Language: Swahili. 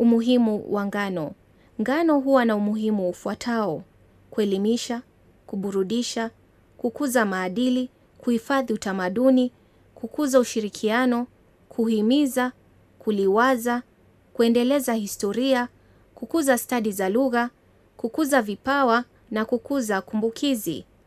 Umuhimu wa ngano. Ngano huwa na umuhimu ufuatao: kuelimisha, kuburudisha, kukuza maadili, kuhifadhi utamaduni, kukuza ushirikiano, kuhimiza, kuliwaza, kuendeleza historia, kukuza stadi za lugha, kukuza vipawa na kukuza kumbukizi.